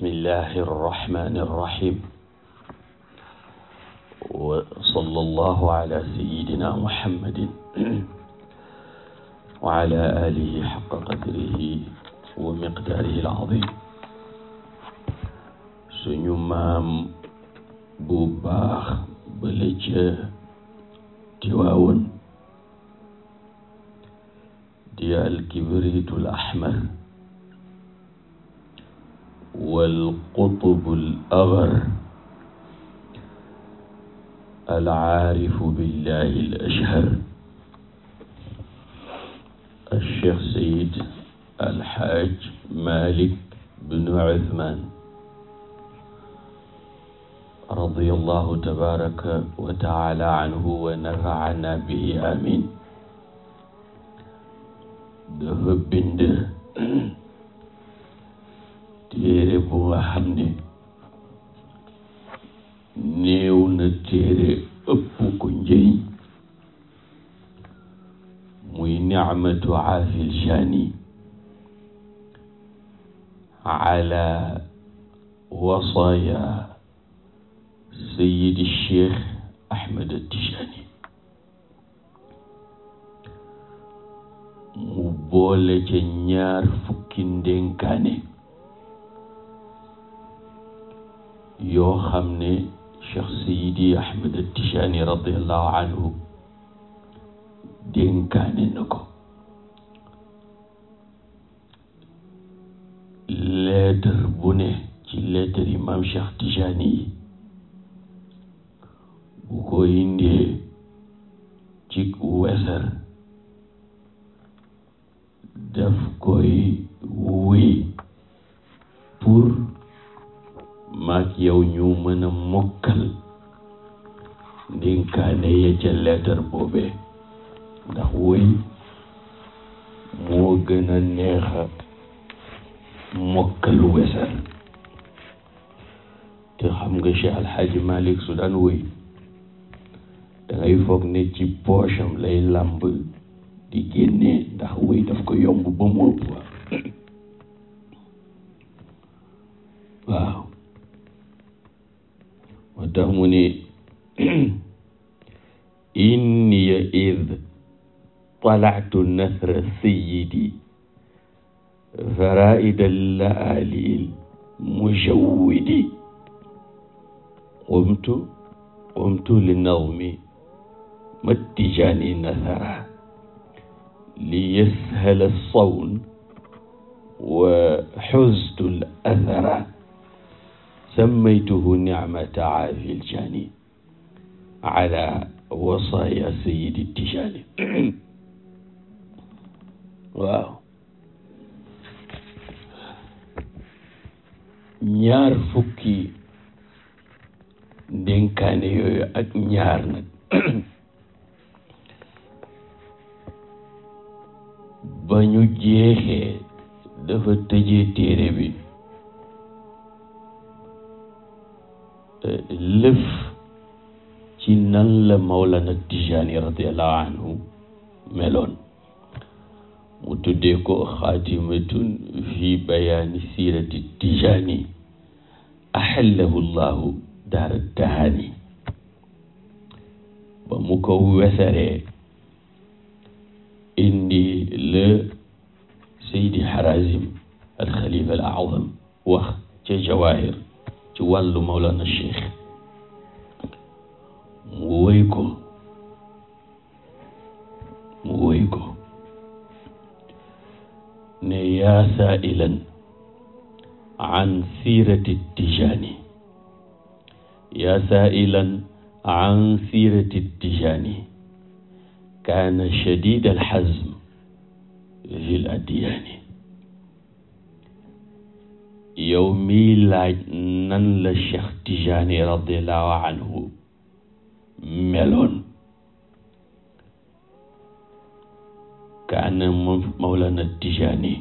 bismillahi arrahmani arrahim wa sallallahu ala sayidina muhammadin wa ala alihi xaqa qadrihi wa miqdaarihi alazim suñu maam bu baax bala ca Tiwaawoon di alkibritul ahmar والقطب الأبر العارف بالله الأشهر الشيخ سيد الحاج مالك بن عثمان رضي الله تبارك وتعالى عنه ونفعنا به آمين dafa bind téere ëpp ko njëriñ muy nicmatu aafil jaani ala wasaaya sayidi cheikh ahmed tijaani mu boole ca ñaar fukki ndénkaane yoo xam cheikh sayidi ahmed tijaani radiallahu anhu dénkaane na ko leetar bu ne ci leetar imam cheikh tijaani yi bu ko indee ci wesar daf koy wuy yow ñu mën a mokkal ndénkaane ya ca leetar boobee ndax woy moo gën a neex a mokkal wesal te xam nga Cheikh Alxaaji Malik su daan woy dangay foog ne ci poche lay làmb di génnee ndax woy daf ko yomb ba mu ëpp waaw tax mu ni inniya id talactu nasra sayidi faraida laalil mujawidi qumtu qumtu li nadmi ma tijaani nasara li yashala sawn wa xuztu al athara sammaytuhu nicmata aafi ljaani ala wasaaya sayidi tijaani waaw ñaar fukki dénkaane yooyu ak ñaar nag ba ñu jeexee dafa tëjee téere bi lëf ci nan la Mawlana Tijani radiallahu anhu meloon mu tuddee ko xaatimatun fi bayaani siirati Tijani axallahu llahu daara tahani ba mu ko wesaree indi la Seydi Harazim al Xalifa al Azam wax ca Jawahir wàllu Mawlana Cheikh mu woy ko mu woy ko ne yaa saailan an siirati tijaani yaa saailan an siirati tijaani kaana shadiid alxazm fi l adyaani yow miy laaj nan la Cheikh Tijani radiallahu anhu meloon kaana mawlana Tijani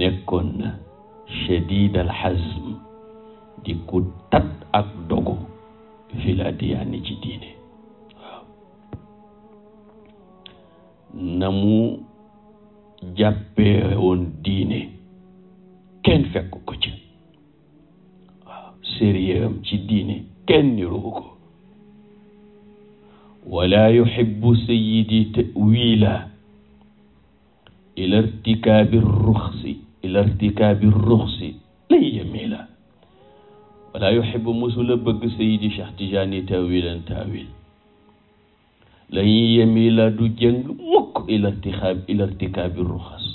nekkoon na shadid al hazm di ku tat ak dogu fil adiyaani ci diine waaw na kenn fekk ko ci waaw sérieux am ci diine kenn niruwu ko wala yuhibbu sayidi tawila ila irtikaabi ruxsi ila irtikaabi ruxsi lan yamila wala yuhibbu mosula bëgg sayidi Cheikh Tijani tawilan tawil lan yamila du jëng mukk ila irtikaabi ila irtikaabi ruxas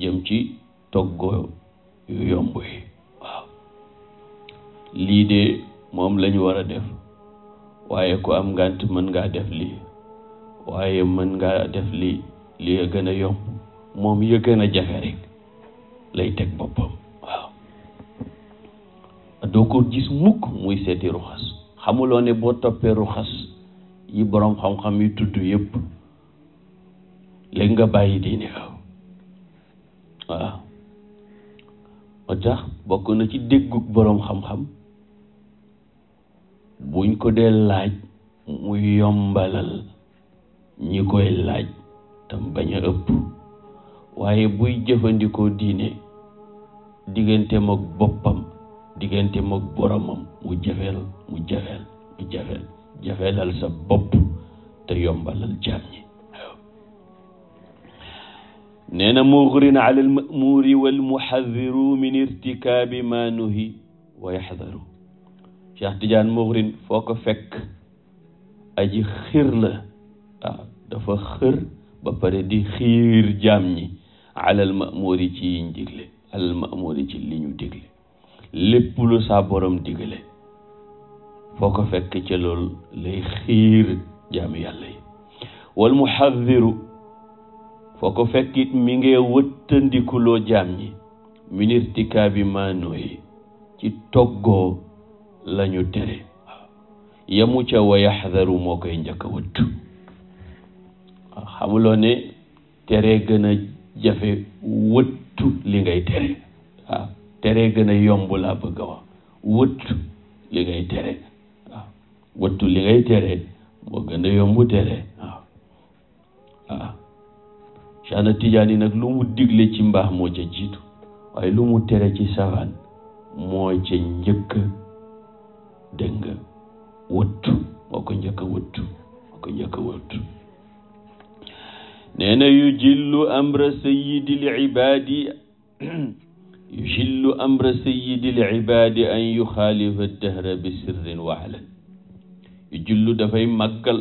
jëm ci toggoo yu yomb yi waaw lii de moom lañu war a def waaye ko am ngànt mën ngaa def lii waaye mën ngaa def lii lii a gën a yomb moom ya na a jafe rek lay teg boppam waaw doo ko gis mukk muy seeti ruxas xamuloo ne boo toppee ruxas yi boroom xam-xam yi tudd yépp léegi nga bàyyi diine waaw ba bokk na ci déggug boroom xam-xam buñ ko dee laaj mu yombalal ñi koy laaj tam bañ a ëpp waaye buy jëfandikoo diine digganteem ak boppam digganteem ak boromam mu jafeel mu jafeel mu jafeel jafeelal sa bopp te yombalal jaam nee na mughrin ala almamuri walmuhadiru min irtikaabi ma nuhi wa yaxdaru Cheikh Tidiane mughrin foo ko fekk aji xir la waaw ah, dafa xër ba pare di xiir jaam ñi ala almamuri ci yiñ digle ala almamuri ci li ñu digle lépp lu saa borom digle foo ko fekk ca loolu lay xiir jaam yàlla yi wal muhadiru foo ko fekkit mi ngi wëttandikuloo jaam ñi minirtika bi maanoyi ci toggoo lañu tere yamu ca wa yaxdaru moo koy njëkk a wëttu xamuloo ne tere gën a jafe wëttu li ngay tere waaw tere gën a yomb laa bëgg wax wëttu li ngay tere waaw wëttu li ngay tere moo gën a yomb tere waaw Cheikhna Tidiane nag lu mu digle ci mbaax moo ca jiitu waaye lu mu tere ci safaan moo ca njëkk dégg wëttu moo ko njëkk wëttu moo yu jillu amra sayyidil ibaadi yu jillu amra sayyidil ibaadi an yuxaalifa dahra bi sirrin wa yu jillu dafay màggal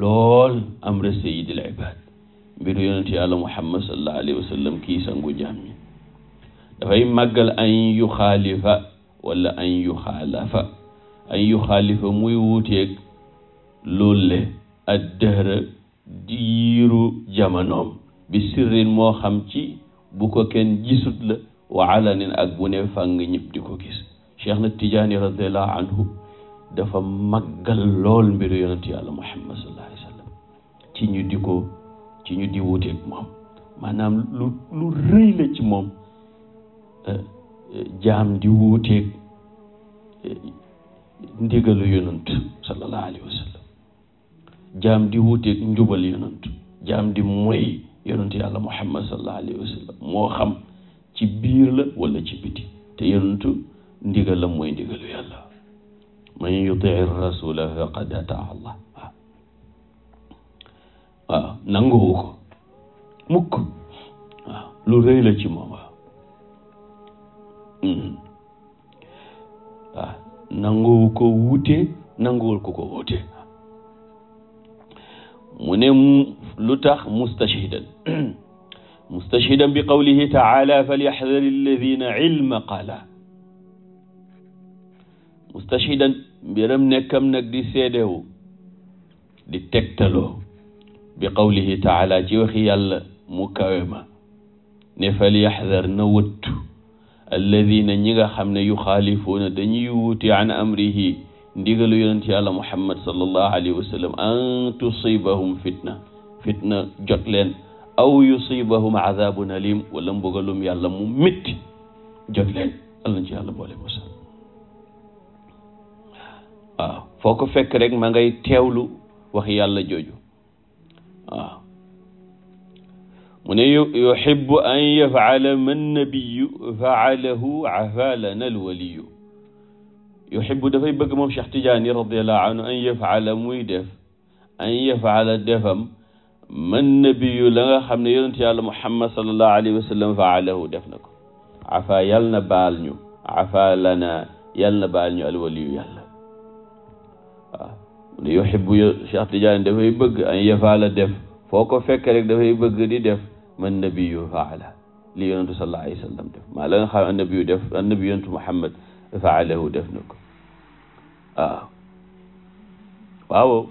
lool amra sayyidil ibaadi mbir yonent yàlla muhammad sallallahu alayhi wa kii sangu jaam yi dafay màggal an yu xaalifa wala an yu xaalafa an yu xaalifa muy wuuteeg loolu le ak diiru jamonoom bi sirrin moo xam ci bu ko kenn gisut la wa alanin ak bu ne fàng ñëpp ko gis cheikh na tijaani radiallahu anhu dafa màggal lool mbiru yonent yàlla muhammad sallallahu alayhi wa ci ñu di ko ci ñu di wuuteeg moom maanaam lu rëy la ci moom euh, euh, jaam di wuuteeg euh, ndigalu yonant sallallahu alayhi wa sallam jaam di wuuteeg njubal yonant jaam di moy yonant yàlla muhammad sallallahu alayhi wa moo xam ci biir la wala ci biti te yonantu ndigal la mooy ndigalu yàlla man yutii rasula faqad ataa allah waaw nanguwu ko mukk lu rëy la ci moom waaw mm-hmm. waaw nanguwu ko wuute nanguwul ko ko wuute mu ne lu tax mustashhidan mustashhidan bi qawlihi taala falyaxdar alladina ilma qala mustashhidan mbiram nekkam nag di seedewu di tegtaloo bi qawlihi taala ci waxi yàlla mu kawe ma ne fal yaxdar na wëttu alladina ñi nga xam ne yuxaalifuuna dañuy wuuti an amrihi ndigalu yonent yàlla muhammad sallallahu alayhi wa sallam an tusibahum fitna fitna jot leen aw yusibahum azabun alim wala mbugalum yàlla mu métti jot leen al nañ ci yàlla boole musal waaw foo ko fekk rek ma ngay teewlu wax yàlla jooju waaw mu ne yuhibbu an yafala man nabiyu faalahu afalana alwaliyu yuhibbu dafay bëgg moom Cheikh Tidiane radiallahu anhu an yafala muy def an yafala defam man nabiyu la nga xam ne yonent yàlla Muhammad sallallahu alayhi wa sallam faalahu def na ko afa yàl na baal ñu afa lana yàl na baal ñu alwaliyu yàlla li yuhibbu Cheikh Tidiane dafay bëgg an yafaala def foo ko fekk rek dafay bëgg di def man nabiyu faala li yonentu sallallahu alayhi wa sallam def maa la nga xam def annabi yonentu Muhammad faalahu def na ko waaw waaw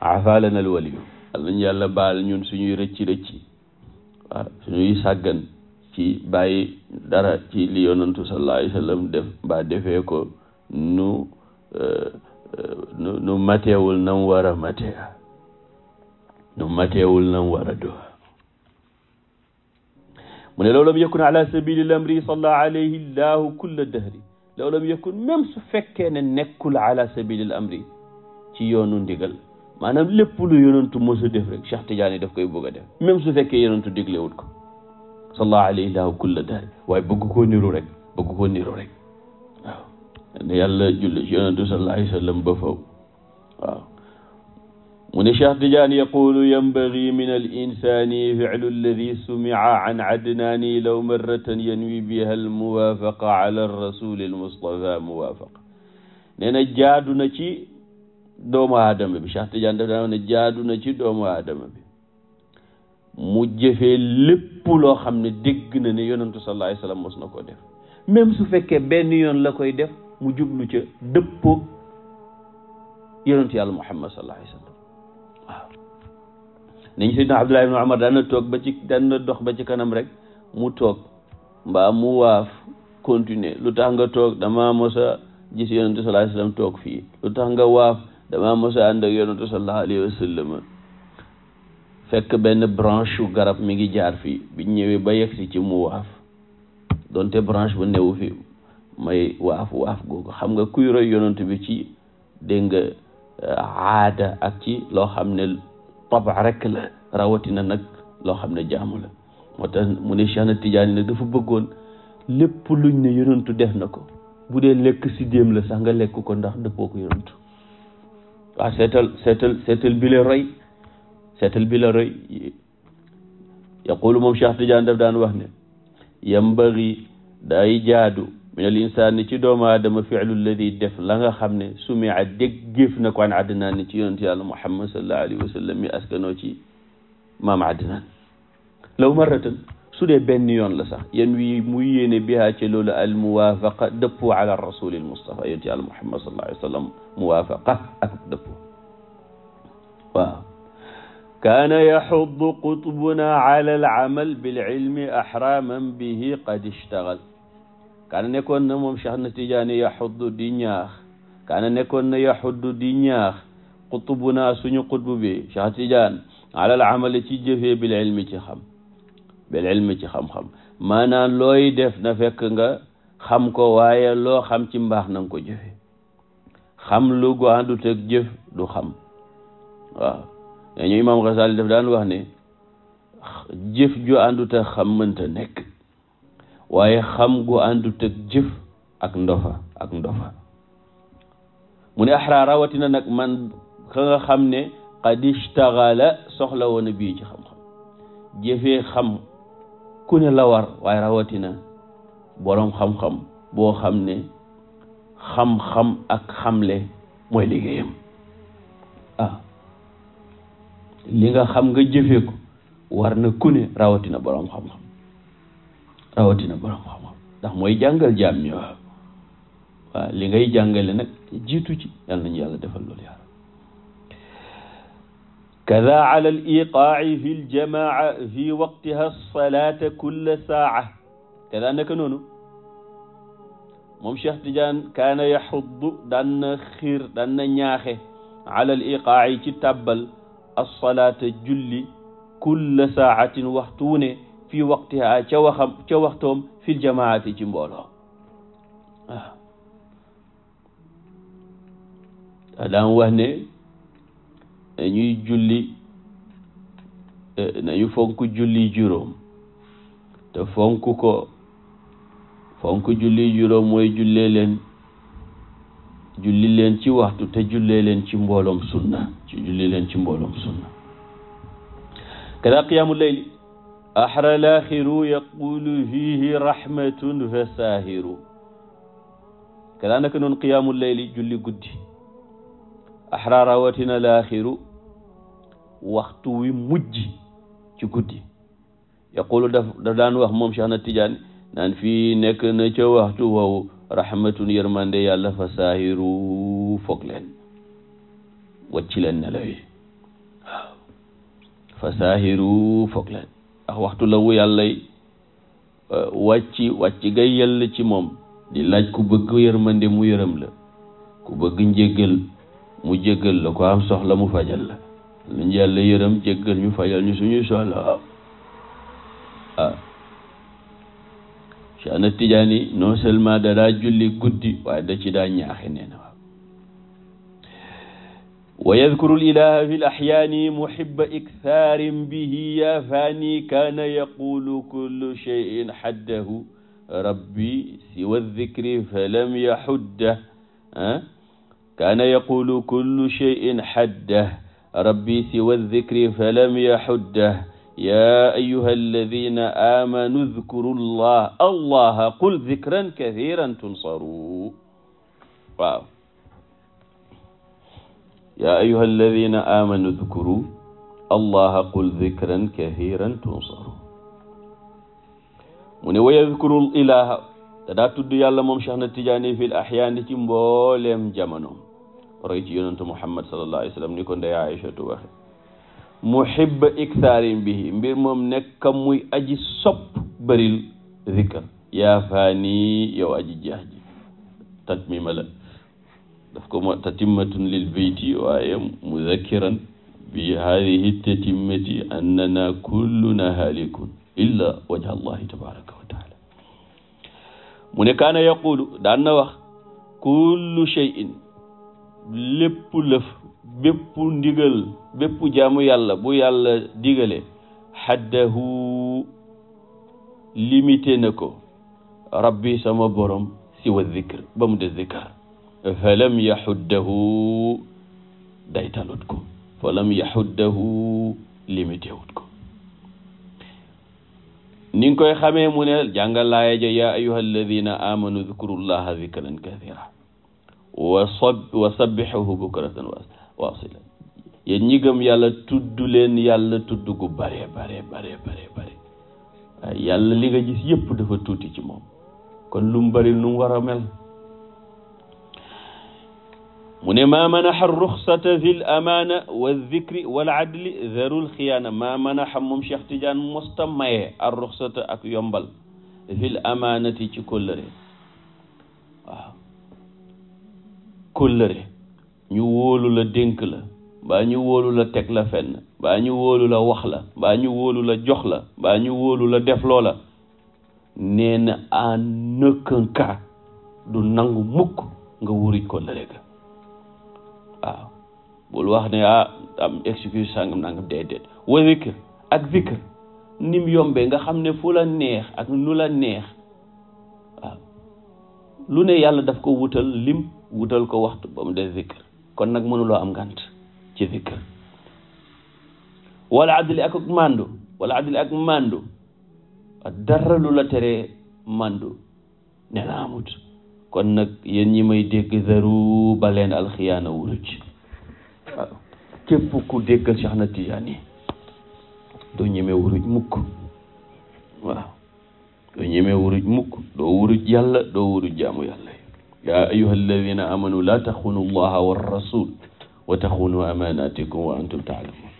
afaalana al waliyu yàlla nañu baal ñun suñuy rëcci rëcci waaw suñuy sàggan ci bàyyi dara ci li yonentu sallallahu alayhi wa sallam def mbaa defee nu euh, nu mateewul nam war a matee nu mateewul nam war a doo mu ne law lam yakun ala sabili lamri salla alayhi llahu kulla dahri law lam yakun même su fekkee ne nekkul ala sabili lamri ci yoonu ndigal maanaam lépp lu yonentu mosu def rek Cheikh Tidiane daf koy bëgg a def même su fekkee yonentu diglewut ko salla alayhi waaye bëgg koo niru rek bëgg koo niru rek ne yàlla julli ci yonentu sallallahu alayhi wa sallam ba faw waaw mu ne Cheikh Tidiane yaqulu yanbaghi min al insani fi'lu alladi sumia an adnaani law marratan yanwi biha al muwafaqa ala rasuli al mustafa muwafaqa nee na jaadu na ci doomu aadama bi Cheikh Tidiane daf daan ne jaadu na ci doomu aadama bi mu jëfee lépp loo xam ne dégg na ne yonentu sallallahu alayhi wa sallam mos na ko def même su fekkee benn yoon la koy def mu jublu ca dëppoo yonentu yàlla muhammad sallallahu alayhi wa sallam waaw nañ seydina abdullah ibn umar daan na toog ba ci daan na dox ba ci kanam rek mu toog mbaa mu waaf continuer lu tax nga toog dama mosa gis yonentu sallallahu alayhi wa toog fii lu tax nga waaf dama mosa ànd ak yonentu sallallahu alayhi wa fekk benn branche garab mi ngi jaar fii bi ñëwee ba yegsi ci mu waaf donte branche bu newu fi may waaf waaf googu xam nga kuy roy yonent bi ci dégg nga aada ak ci loo xam ne taba rek la rawatina nag loo xam ne jaamu la mu ne Cheikh na Tijaani nag dafa bëggoon lépp luñ ne yonentu def na ko bu dee lekk si la sax nga lekk ko ndax dëppoo ko yonentu waaw seetal seetal seetal bi la roy seetal bi la roy yaqulu moom Cheikh Tijaani daf daan wax ne yambari day jaadu min al insaani ci doomu aadama fi'lu lladi def la nga xam ne sumia déggéef na ko an Adnaan ni ci yonent yàlla Muhammad sallallahu alayhi wa sallam mi askanoo ci maam Adnaan law marratan su dee benn yoon la sax yéen wi mu yéene bihaa ci loolu al muwaafaqa dëppu ala rasulil Mustafa yonent yàlla Muhammad sallallahu alayhi wa sallam muwaafaqa ak dëppu waaw kaana yaxuddu qutbuna ala al amal bil ilmi ahraman bihi qad ishtagal kaana nekkoon na moom Cheikh na Tijaani yi di ñaax kaana nekkoon na yaxuddu di ñaax xutbu naa suñu xutbu bi Cheikh Tijaan alal amali ci jëfee bil ilmi ci xam bil ilmi ci maanaam looy def na fekk nga xam ko waaye loo xam ci mbaax na ko jëfe xam lu gu àndut ak jëf du xam waaw dañu imaam Xasaali daf daan wax ne jëf ju àndut ak xam mënta nekk waaye xam gu àndut ak jëf ak ndofa ak ndofa mu ne axraa rawatina nag man ka nga xam ne qad ishtaxala soxla woon a bii ci xam-xam jëfee xam ku ne la war waaye rawatina boroom xam-xam boo xam ne xam-xam ak xamle mooy liggéeyam ah li nga xam nga jëfee ko war na ku rawatina boroom xam-xam rawatina borom xam-xam ndax mooy jàngal jaam ñi waaw waaw li ngay jàngale nag jiitu ci yàlla nañu yàlla defal loolu yaa rab kada ala al iqaaci fi ljamaa fi waqtiha salaata kulla saaca kada naka noonu moom Cheikh Tidiane kaana yaxuddu daan na xiir daan na ñaaxe ala al iqaaci ci tàbbal alsalaata julli kulla saacatin waxtu wu ne fii waqtiha ca waxam ca waxtoom fil jamaati ci mbooloo waaw ah. daa daan wax ne dañuy julli eh, nañu fonk julli juróom te fonk ko fonk julli juróom mooy jullee leen julli leen ci waxtu te jullee leen ci mbooloom sunna ci julli leen ci mbooloom sunna kada qiyaamu layli أحرى الآخر يقول فيه رحمة فساهر كذلك نون قيام الليل julli guddi أحرى rawatina الآخر waxtu wi mujj ci guddi yaqulu daf daf daan wax moom Cheikh na Tidiane naan fii nekk na ca waxtu woowu rahmatun yërmande yàlla fa saahiru foog leen wàcc leen nelaw yi waaw fa saahiru foog leen ak waxtu la wu yàlla euh, wàcc wàcc gay yàlla ci moom di laaj ku bëgg yërmande mu yërëm la ku bëgg njéggal mu jéggal la ko am soxla mu fajal la luñ yàlla yërëm jéggal ñu fajal ñu suñuy soxla waaw ah, waaw Cheikh Ahmad Tidiane non seulement da daa julli guddi waaye da ci daa ñaaxe nee waaw wa yadkuru lilaha fi l axyaani muhiba iktharin bihi ya faani kaana yaqulu kullu cheyin xaddahu rabbi siwa dicri falam yaxuddah kaana yaqulu kullu cheyin xaddah rabbi siwa dicri falam yaxuddah ya ayuha alladina amanu dkuru llah allaha qul dicran kathiran tunsaru waaw yaa ayyuha alladina amanu dukuru allaha qul dikran kahiran tunsaru mu ne wa yadkuru ilaha da daa tudd yàlla moom Cheikh na Tijaani fil ahyaani ci mbooleem jamono roy ci yonentu Muhammad sallallahu alayhi wa sallam ni ko ndey Aïchatu waxe muhibba iktharin bihi mbir moom nekk muy aji sopp bëril zikr yaa faani yow aji jeex ji tatmima la daf ko ma tatimmatun lil bayti waaye mudakkiran bi hadihi tatimmati annana kulluna halikun illa wajha allahi tabaraka wa taala mu ne kaana yaqulu daan na wax kullu shay'in lépp lëf bépp ndigal bépp jaamu yàlla bu yàlla digale xaddahu limité na ko rabbi sama borom si wa zikr ba mu de zikar falam yaxuddahu daytalut ko falam yaxuddahu limité wut ko ni nga koy xamee mu ne jàngal laaya ja yaa ayuha alladina amanu dkurullaha dikran kathira wa sab wa sabbixahu bukratan wasila yéen ñi gëm yàlla tudd leen yàlla tudd gu bare bare bare bare bare yàlla li nga gis yëpp dafa tuuti ci moom kon lu mu bari lu mu war a mel mu ne maa manaxa ruxsata fi l amaana wa zikri wal adli zarul xiyaana maa manaxa moom Cheikh Tidiane mosta maye ar ruxsata ak yombal fi l amaanati ci kóllëre waaw kóllëre ñu wóolu la dénk la baa ñu wóolu la teg la fenn baa ñu wóolu la wax la baa ñu wóolu la jox la baa ñu wóolu la def loola nee na du nangu mukk nga wurit kóllëre bul wax ne ah am excuse sangam nangam déedéet wa zikr ak zikr nim yombe nga xam ne fu la neex ak nu la neex lu ne yàlla daf ko wutal lim wutal ko waxtu ba mu dee zikr kon nag mënuloo am ngant ci zikr wala adli ak ak wala adli ak màndu dara lu la teree màndu ne kon nag yéen ñi may dégg zaru ba leen alxiyaana wuruj képp ku déggal Cheikh na Tijaani doo ñeme wuruj mukk waaw doo ñeme wuruj mukk doo wuruj yàlla doo wuruj jaamu yàlla yaa ayuha alladina amanu laa taxunu allaha wa rasul wa taxunu amanatikum wa antum taalamun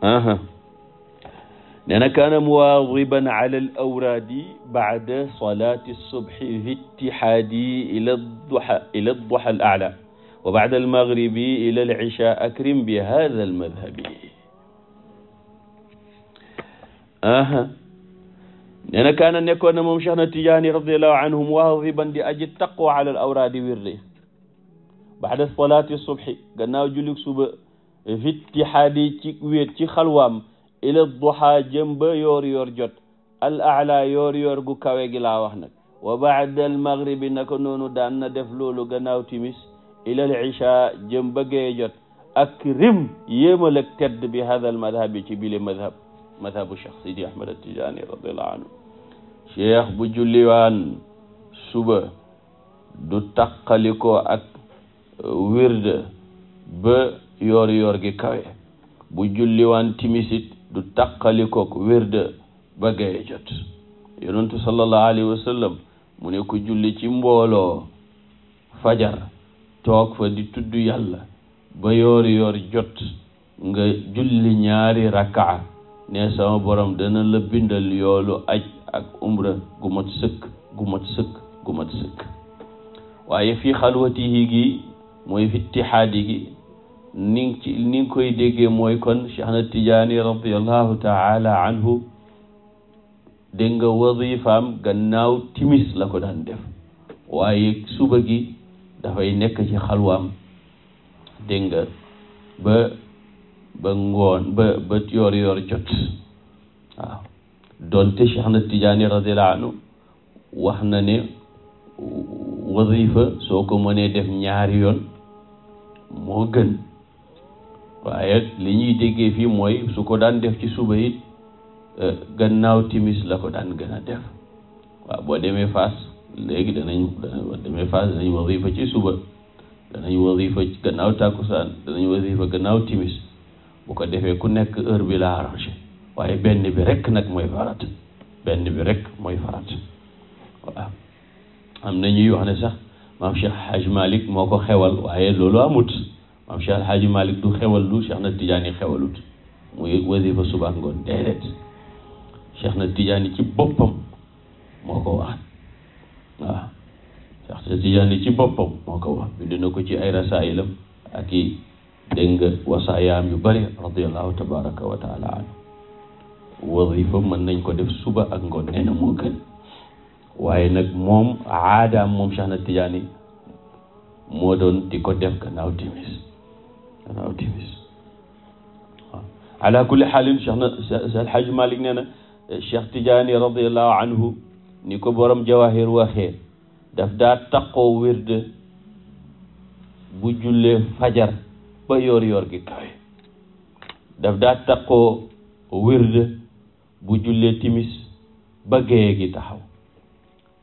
aha nee na kaana muwaadiban ala al awraadi bacda salaati subhi fi ittihaadi ila duha ila duha al acla wa baada almaghribi ila al-isha akrim bi hadha al-madhabi aha nee na kaana nekkoon na moom Cheikh na Tijaani radiyallahu anhum waaziban di aji taqwa ala al-awraadi wirde baada salaati subhi gannaaw jullik suba fittihaadi ci wéet ci xalwaam ila duha jëm ba yoor yoor jot al ala yoor yoor gu kawe gi laa wax nag wa baada al-maghribi naka noonu daan na def loolu gannaaw timis ilal isha jëm bëggee jot ak rim yéemal ak tedd bi hadal madhab bi ci bile madhab madhabu cheikh sidi ahmad atijani radiallahu anhu cheikh bu julliwaan suba du taqalikoo ak euh, wirde ba yoor yoor gi kawe bu julliwaan timisit du taqalikook wirde ba gaye jot yonentu sallallahu alayhi wa sallam mu ne ko julli ci mbooloo fajar toog fa di tudd yàlla ba yoor yoor jot nga julli ñaari rakkaa ne sama borom dana la bindal yoolu aj ak umra gu mat sëkk gu mat sëkk waaye fii xalwatihi gi mooy fi ittihaadi gi ni koy déggee mooy kon Cheikh na Tijaani radiallahu taala anhu dégg nga wazifaam gannaaw timis la ko daan def waaye suba gi dafay nekk ci xalwaam dégg nga ba ba ngoon ba ba yoor yoor jot waaw doonte Cheikh na Tijaani radiyallahu anhu wax na ne wazifa soo ko mënee def ñaari yoon moo gën waaye li ñuy déggee fii mooy su ko daan def ci suba it eh, gannaaw timis la ko daan gën a def waaw boo demee Fass léegi danañ demee phase danañ wasifa ci suba danañ wasifa gannaaw tàkkusaan danañ wasifa gannaaw timis bu ko defee ku nekk heure bi la arrangé waaye benn bi rek nag mooy farat benn bi rek mooy farat am na ñuy wax ne sax maam Cheikh Hadj Malick moo ko xewal waaye loolu amut maam Cheikh Hadj Malick du xewal lu Cheikh na Tidiane xewalut muy wasifa suba ak moo ko wax waaw Cheikh Seydi Tijaani ci boppam moo ko wax bind na ko ci ay rasaayilam ak i dégg nga wasaayaam yu bëri radiallahu tabaraka wa taala anhu wazifa mën nañ ko def suba ak ngoon nee na moo gën waaye nag moom aadaam moom Cheikh na Tijaani moo doon di ko def gannaaw timis gannaaw timis waaw ala kulli xaalin Cheikh na Alxaaji Malik nee na Cheikh eh, Tijaani radiallahu anhu ni ko borom jawahir waxee daf daa taqoo wird bu jullee fajar ba yoor yoor gi kawe daf daa taqoo wird bu jullee timis ba géye gi taxaw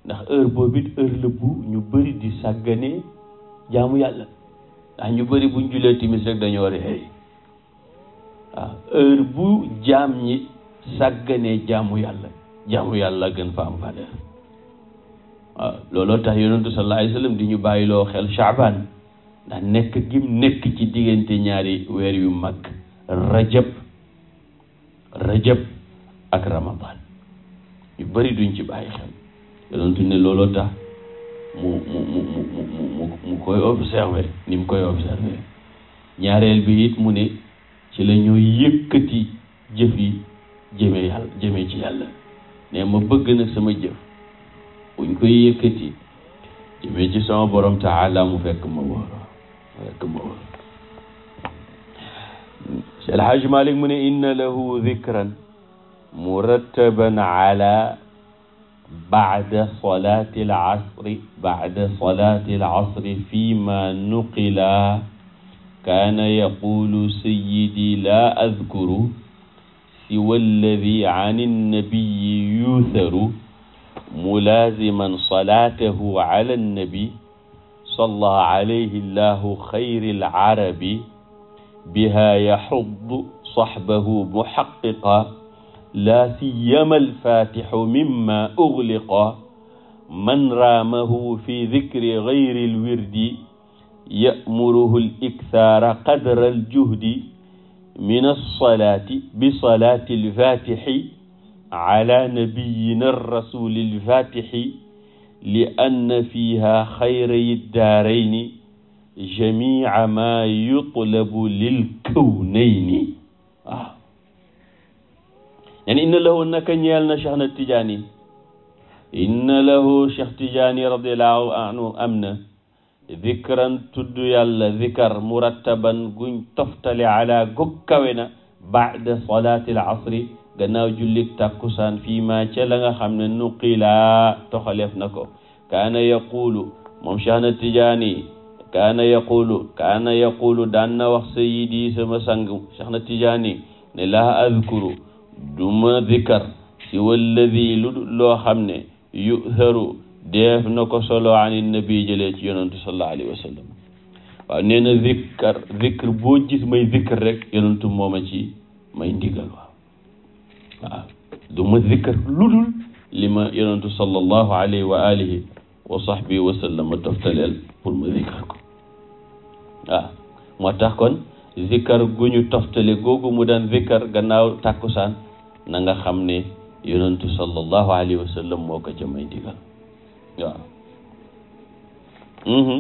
ndax heure boobu heure la bu ñu bëri di sàgganee jaamu yàlla ndax ñu bëri buñ jullee timis rek dañu war a heure bu jaam ñi sàgganee jaamu yàlla jaamu yàlla gën fa am valeur waaw looloo tax yonentu sallallahu alayhi wasallam di ñu bàyyiloo xel Shaaban ndax nekk gi nekk ci diggante ñaari weer yu mag rajab rajab ak ramadan yu bari duñ ci bàyyi xel yonentu ne looloo tax mu mu mu mu mu mu koy observé ni mu koy observé ñaareel bi it mu ne ci la ñoo jëf yi jëme yàlla jëme ci yàlla ne ma bëgg nag sama jëf buñ koy yëkkati jëmee ci sama borom taala mu fekk ma wóor mu fekk ma wóor El Hadj Malick mu ne inna lahu dhikran murattaban ala baada solati al asri baada solati al asri fima nuqila kaana yaqulu sayyidi la adkuru siwa alladi an annabiyi yuutharu mulaziman salaatahu ala annabi salla alayhi llahu xayri alcarabi biha yaxuddu saxbahu muxaqiqa laa siyama alfatixu mima ugliqa man raamahu fi dikri gayri alwirdi yamuruhu aliktaara qadra aljuhdi min alsalaati bi salaati alfatixi ala nabiyina arrasuli alfatixi li ann fiha xayray daarayni jamica maa yutlabu lilkawnayni waaw yani inna lahu naka ñeel na Cheikh na Tijaani inna lahu Cheikh Tijaani radiallahu anhu am na dikran tudd yàlla dikar murattaban guñ toftale ala gog kawe na baada salaati al asri gannaaw jullik tàkkusaan fii ma ca la nga xam ne nuqilaa toxaleef na ko kaana yaqulu moom Cheikhna Tijaani kaana yaqulu kaana yaqulu daan na wax sayyidi sama sang Cheikhna Tijaani ne laa adkuru duma dikar si walladi lu loo xam ne yuharu def na ko solo ani nabi jëlee ci yonantu may zikr rek yonantu moo ma may ndigal waaw du ma zikr ludul li ma yonantu sallallahu alayhi wa alihi wa sahbihi wa sallam ma zikr ko waaw moo tax kon zikkar gu ñu toftale googu mu daan zikkar gannaaw tàkkusaan na nga xam ne yonantu sallallahu alayhi wa sallam moo ko ca may ndigal waaw mhm.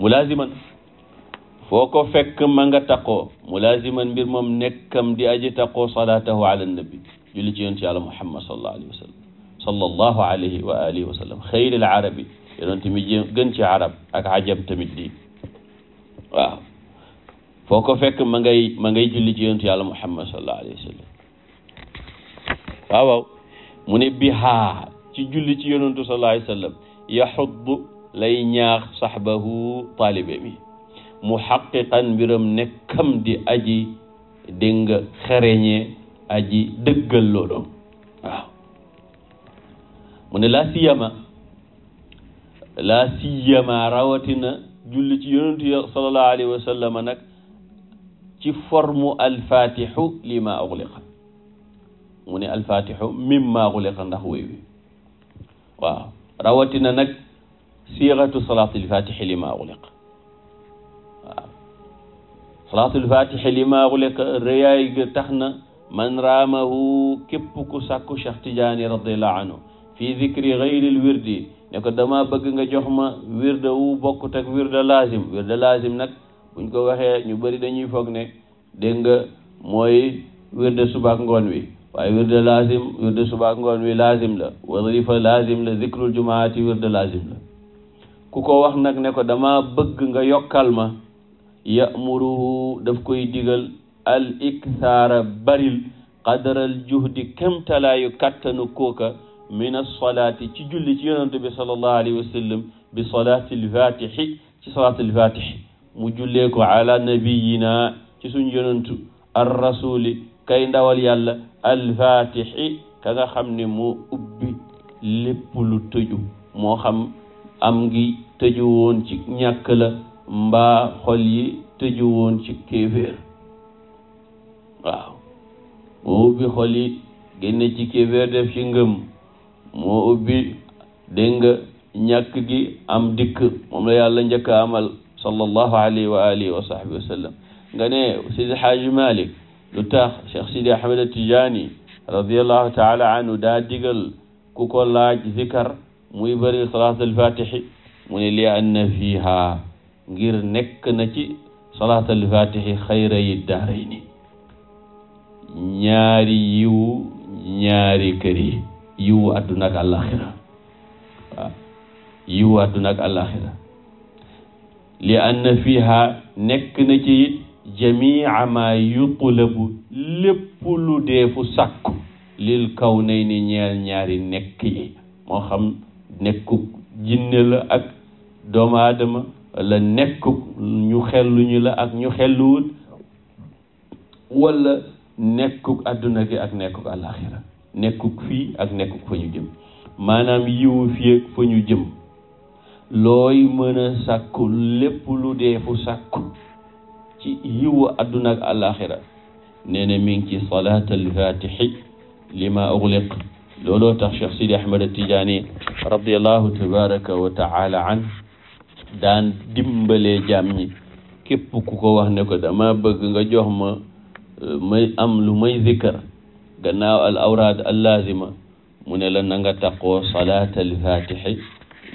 mulaziman foo ko fekk ma nga taqoo mulaziman mbir moom nekkam di aji taqoo salaatahu ala nabi julli ci yonent yàlla muhammad sallallahu alayhi wa sallam sallallahu alayhi wa alihi wa sallam xayril arabi yonent mi gën ci arab ak ajam tamit di waaw foo ko fekk ma ngay ma ngay julli ci yonent yàlla muhammad sallallahu alayhi wa sallam waaw waaw mu ne bihaa ci julli ci yonentu sallallahu alayhi wa sallam yaxuddu lay ñaax saxbahu taalibe mi muhaqiqan mbiram nekkam di aji dinga xereñee aji dëggal loolu waaw mu ne laa siyama laa siyama rawatina julli ci yonentu sallallahu alayhi wa sallam nag ci formu alfatixu lima ugliqa mu ne alfatixu mimma ugliqa ndax wéy wi waaw rawatina nag siixatu salaatul faatixi limaa uliq waaw salaatul faatixi limaa uliq rëyaay ga tax na man raamahu képp ku sàkku Cheikh Tidiane radiallahu anhu fii dikri xayril wirdi ne ko dama bëgg nga jox ma wirda wu bokkut ak wirda laazim wirda laazim nag buñ ko waxee ñu bëri dañuy foog ne dégg nga mooy wirda subaak ngoon wi waaye wirde lazim wirde subaak ngoon wi lazim la wasifa lazim la zikrul jumaati wirde lazim la ku ko wax nag ne ko dama bëgg nga yokkal ma yamuruhu daf koy digal al iktaara baril qadaral juhdi kemtalaayu kattanu kooka min assalaati ci julli ci yonent bi sallallahu alayhi wa sallam bi salaati lfatixi ci salaati lfatixi mu jullee ko ala nabiyina ci suñ yonentu ar rasuli kay ndawal yàlla alfatixi ka nga xam ne moo ubbi lépp lu tëju moo xam am ngi tëju woon ci ñàkk la mbaa xol tëju woon ci kéeféer waaw moo ubbi xol yi génne ci kéeféer def ci ngëm moo ubbi dégg nga ñàkk gi am dikk moom la yàlla njëkk amal sallallahu alayhi wa alihi wa sahbihi wa sallam nga ne Sidi Xaaji Malik lu tax Cheikh Sidi Ahmed Tijaani radiallahu taala anhu daa digal ku ko laaj zikar muy bëri salaatul fatihi mu ne li anna fiiha ngir nekk na ci salaatul fatihi xayra yi daarayni ñaari yiwu ñaari kër yi yiwu adduna ak àllaaxira waaw yiwu adduna ak àllaaxira li anna fiiha nekk na ci it jamia ma bu lépp lu deefu sàkku lil kawnayni ñeel ñaari nekk yi moo xam nekkuk jinne la ak doomaadama aadama wala nekkuk ñu xelluñu la ak ñu xelluwul wala nekkuk àdduna gi ak nekkuk àlaxira nekkuk fii ak nekkuk fa ñu jëm maanaam yiwu fii fa ñu jëm looy mën a sàkku lépp lu deefu sàkku ci yiwu àdduna ak àllaaxira nee salaat alfatixi lima ugliq looloo tax Sidi Ahmed Tidiane radiallahu tabaraka wa taala an daan dimbalee jaam ñi ku ko wax ne ko dama bëgg nga jox ma may am lu may zikkar gannaaw al awraad mu ne la na taqoo salaat al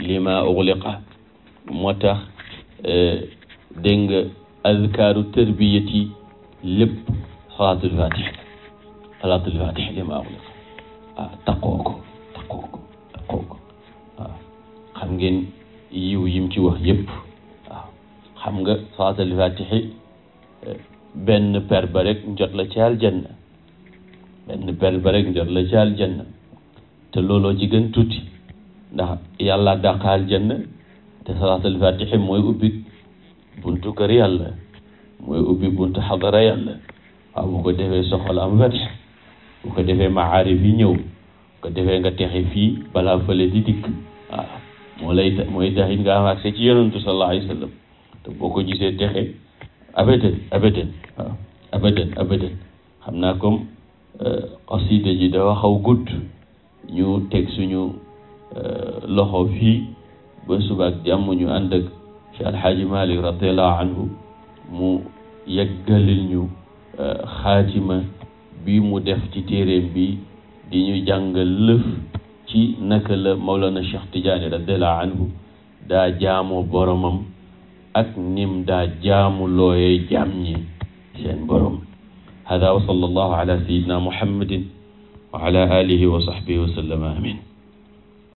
lima ugliqa moo tax eh, azkaaru tarbiyati lépp salaatul fatih salaatul fatih li ma wax waaw ah, taqoo ko taqoo ko taqoo ko waaw ah, xam ngeen yiw yim ci wax yëpp waaw ah, xam nga salaatul fatih eh, benn per ba rek njot la ci aljanna benn per ba rek njot la ci aljanna te looloo ci gën tuuti ndax yàlla dàq aljanna te salaatul fatih mooy ubbi buntu kër yàlla mooy ubbi buntu xadara yàlla waaw bu ko defee soxla am wet bu ko defee maarif yi ñëw bu ko defee nga texe fii balaa fële di dikk waaw moo lay mooy taxit nga am accès ci yonantu sallallahu alayhi te boo ko gisee texe abadan abadan waaw abadan abadan xam naa comme xasida euh, ji dafa xaw gudd ñu teg suñu euh, loxo fii ba subaak jàmm ñu ànd ak ci alxaaji Maalik radiallahu anhu mu yeggalil ñu euh, xaatima bi mu def ci téeréem bi di ñu jàngal lëf ci naka la Mawlana Cheikh Tidiane radiallahu anhu daa jaamoo boromam ak nim daa jaamu looyee jaam ñi seen borom hada wa sallallahu ala sayidina muhammadin wa ala alihi wa sahbihi wa sallama amin